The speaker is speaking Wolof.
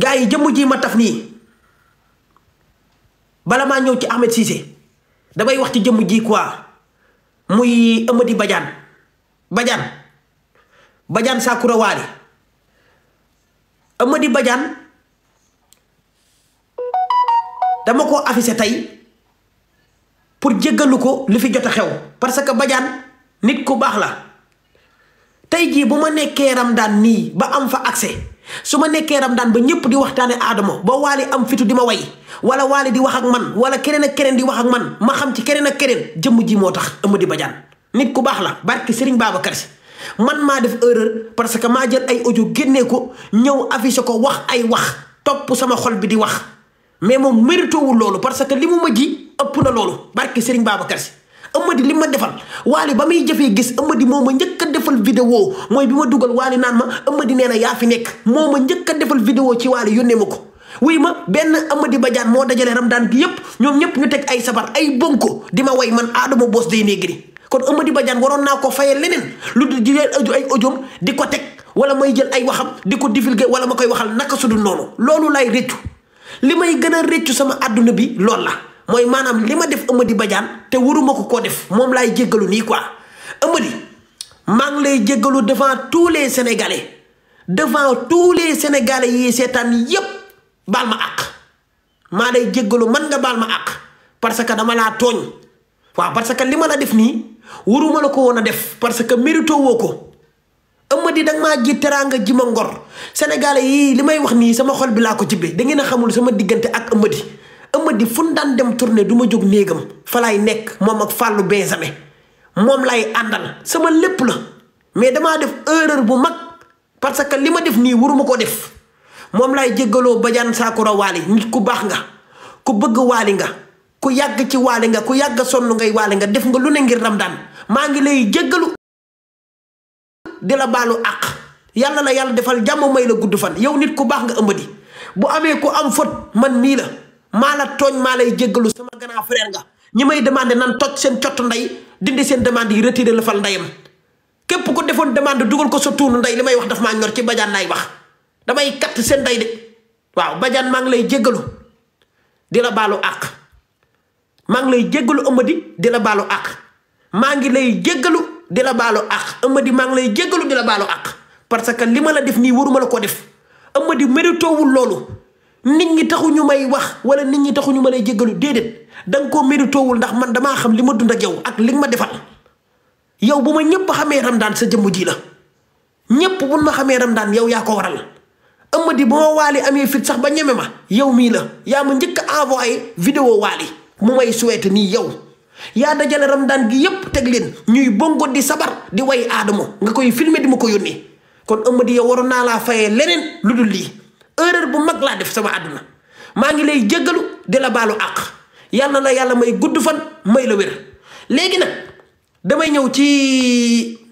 gaa yi jëmm ji ma taf nii bala maa ñëw ci Ahmed Cissé damay wax ci jëmm ji quoi muy Amady Badiane Badiane Badiane Sakura Waali Amady Badiane dama ko affiché tey pour jéggalu ko li fi jot a xew parce que Badiane nit ku baax la tey jii bu ma nekkee daan nii ba am fa accès su ma nekkee daan ba ñëpp di waxtaanee Adamo ba waali am fitu di ma way wala waali di wax ak man wala keneen ak keneen di wax ak man ma xam ci keneen a keneen jëmm ji moo tax Amady Badiane nit ku baax la barki Serigne Babacar Si man maa def erreur parce que maa jël ay audio génnee ko ñëw affiché ko wax ay wax topp sama xol bi di wax mais moom méritoowul loolu parce que li mu ma ji ëpp na loolu barki Serigne Babacar Si amadi li ma defal Wally ba muy jëfee gis Amady moo ma njëkk a defal vidéo mooy bi ma dugal Wally naan ma Amady nee na yaa fi nekk moo ma njëkk a defal vidéo ci Wally yónnee ma ko. wuy ma benn amadi Badiane moo dajale Ramadane bi yëpp ñoom ñëpp ñu teg ay sabar ay bonko di ma way man Adamo boos Dey Negri kon Amady Badiane waroon naa ko fayal leneen lu di leen ay audiom di ko teg wala may jël ay waxam di ko divulguer wala ma koy waxal naka su dul noonu loolu lay rëccu li may gën a rëccu sama àdduna bi loolu la. mooy maanaam li ma def Eumeudi Badiane te waruma ko koo def moom laay jéggalu nii quoi Eumeudi maa ngi lay jéggalu devant tous les sénégalais devant tous les sénégalais yi seetaan yépp baal ma àq maa lay jéggalu man nga baal ma àq parce que dama laa tooñ waaw parce que li ma la def nii waruma la ko woon a def parce que mérito woo ko Eumeudi da nga maa ji teraanga ji ma ngor senegale yii li may wax nii sama xol bi laa ko jibbee da ngeen a xamul sama diggante ak Eumeudi di fu daan dem tourné du ma jóg néegam fa laay nekk moom ak fàllu Benjamin moom lay àndal sama lépp la mais dama def erreur bu mag parce que li ma def nii waruma ko def moom laay jéggaloo Badiane Sakura Waly nit ku baax nga ku bëgg waali nga ku yàgg ci waali nga ku yàgg sonn ngay waali nga def nga lu ne ngir Ramadan maa ngi lay jéggalu di la baalu àq yàlla la yàlla defal jàmm may la gudd fan yow nit ku baax nga ëmbadi bu amee ku am fot man mii la mala togn mala jéggalu sama gana frère nga ñimay demandé nan tot sen ciot nday dindi sen demande yi retirer le fal ndayam képp ko defoon demande dugal ko sa tuunu nday limay wax daf ma ñor ci badian lay wax damay kat sen nday de waaw badian ma ngi lay jéggelu di balu ak ma ngi lay jéggelu amadi di balu ak ma ngi lay jéggelu di balu ak amadi ma ngi lay jéggelu di balu ak parce que lima la def ni wuruma la ko def amadi mérito wul lolu nit ñi taxu ñu may wax wala nit ñi taxu ñu ma lay jéggalu déedéet da nga koo méritoowul ndax man damaa xam li ma dund ak yow ak li nga ma defal yow bu ma ñëpp xamee Ramadane sa jëmm ji la ñëpp bu ma xamee Ramadane yow yaa ko waral di bu ma waali amee fit sax ba ñeme ma yow mii la yaa ma njëkk a envoyé vidéo waali mu may souhaité nii yow yaa dajale Ramadane gi yëpp teg leen ñuy bongo di sabar di way aadamo nga koy filmer di ma ko yónnee kon Amady yow waroon naa laa fayee leneen lu dul lii. erreur bu mag laa def sama àdduna maa ngi lay jéggalu di la baalu àq yàlla na yàlla may gudd fan may la wér léegi nag damay ñëw ci